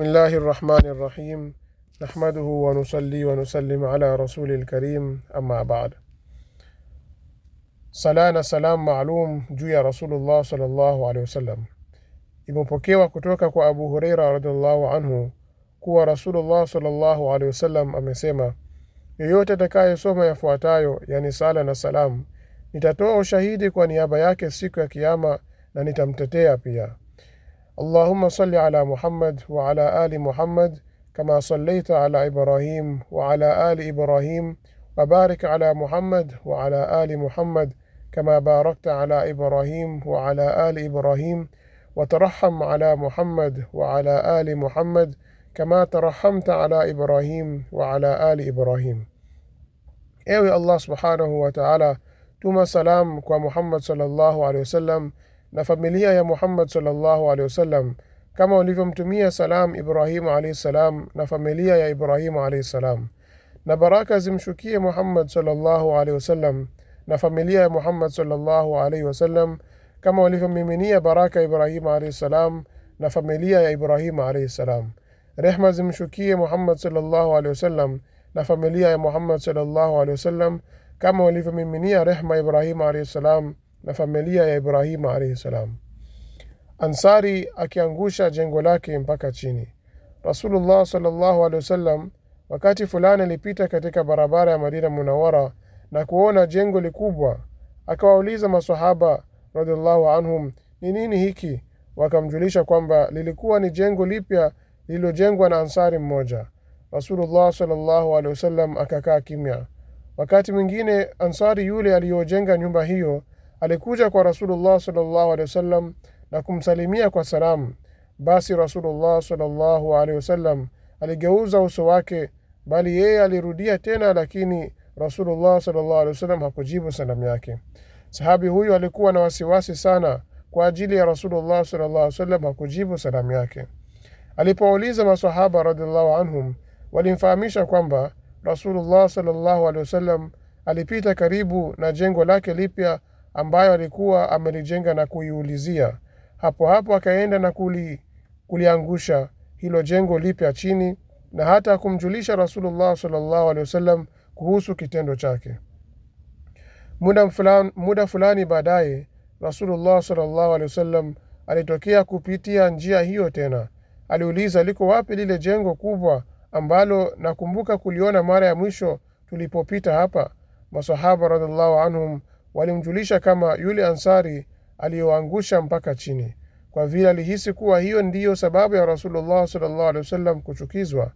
بسم الله الرحمن الرحيم نحمده ونصلي ونسلم على رسول الكريم أما بعد sala na salam maalum juu ya rasulullah sallallahu alaihi wasallam imepokewa kutoka kwa abu hureira radiallahu anhu kuwa rasulullah sallallahu alaihi wasallam amesema yoyote atakayesoma yafuatayo yani sala na salam nitatoa ushahidi kwa niaba yake siku ya kiama na nitamtetea pia اللهم صل على محمد وعلى آل محمد كما صليت على إبراهيم وعلى آل إبراهيم وبارك على محمد وعلى آل محمد كما باركت على إبراهيم وعلى آل إبراهيم وترحم على محمد وعلى آل محمد كما ترحمت على إبراهيم وعلى آل إبراهيم أيوة الله سبحانه وتعالى توما سلام كو محمد صلى الله عليه وسلم na familia ya Muhammad sallallahu alaihi wasallam kama walivyomtumia salam Ibrahimu alaihi salam na familia ya Ibrahimu alaihi salam, na baraka zimshukie Muhammad sallallahu alaihi wasallam na familia ya Muhammad sallallahu alaihi wasallam kama walivyomiminia baraka Ibrahimu alaihi salam na familia ya Ibrahimu alaihi salam. Rehma zimshukie Muhammad sallallahu alaihi wasallam na familia ya Muhammad sallallahu alaihi wasallam kama walivyomiminia rehma Ibrahimu alaihi salam na familia ya Ibrahimu alaihi salam. Ansari akiangusha jengo lake mpaka chini. Rasulullah sallallahu alaihi wasallam wakati fulani alipita katika barabara ya Madina Munawara na kuona jengo likubwa, akawauliza masahaba radhiallahu anhum, ni nini hiki? Wakamjulisha kwamba lilikuwa ni jengo lipya lililojengwa na ansari mmoja. Rasulullah sallallahu alaihi wasallam akakaa kimya. Wakati mwingine ansari yule aliyojenga nyumba hiyo alikuja kwa Rasulullah sallallahu alaihi wasallam na kumsalimia kwa salamu. Basi Rasulullah sallallahu alaihi wasallam aligeuza uso wake, bali yeye alirudia tena, lakini Rasulullah sallallahu alaihi wasallam hakujibu salamu yake. Sahabi huyu alikuwa na wasiwasi sana kwa ajili ya Rasulullah sallallahu alaihi wasallam hakujibu salamu yake. Alipouliza masahaba radhiallahu anhum, walimfahamisha kwamba Rasulullah sallallahu alaihi wasallam alipita karibu na jengo lake lipya ambayo alikuwa amelijenga na kuiulizia hapo hapo akaenda na kuli, kuliangusha hilo jengo lipya chini na hata kumjulisha rasulullah salllahu wasallam kuhusu kitendo chake muda fulani, muda fulani baadaye rasulullah salllahu wasallam alitokea kupitia njia hiyo tena aliuliza liko wapi lile jengo kubwa ambalo nakumbuka kuliona mara ya mwisho tulipopita hapa masahaba radiallahu anhum walimjulisha kama yule ansari aliyoangusha mpaka chini kwa vile alihisi kuwa hiyo ndiyo sababu ya rasulullah salllahu wasallam kuchukizwa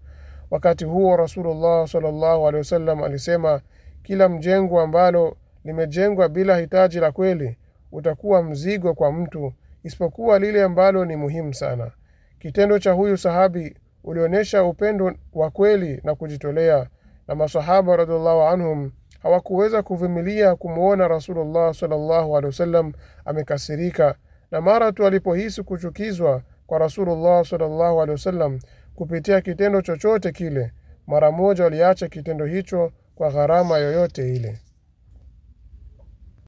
wakati huo rasulullah salllahu wasallam alisema kila mjengo ambalo limejengwa bila hitaji la kweli utakuwa mzigo kwa mtu isipokuwa lile ambalo ni muhimu sana kitendo cha huyu sahabi ulionyesha upendo wa kweli na kujitolea na masahaba radiallahu anhum hawakuweza kuvumilia kumwona rasulullah salllahu alehi wasallam amekasirika na mara tu alipohisi kuchukizwa kwa rasulullah salllahu alehi wasallam kupitia kitendo chochote kile mara moja waliacha kitendo hicho kwa gharama yoyote ile